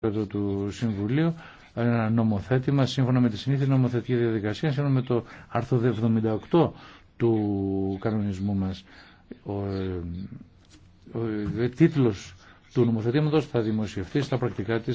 του Συμβουλίου ένα νομοθέτημα σύμφωνα με τη συνήθεια νομοθετική διαδικασία σύμφωνα με το άρθρο 78 του κανονισμού μας ο, ε, ο, ε, τίτλος του νομοθετήματος θα δημοσιευτεί στα πρακτικά της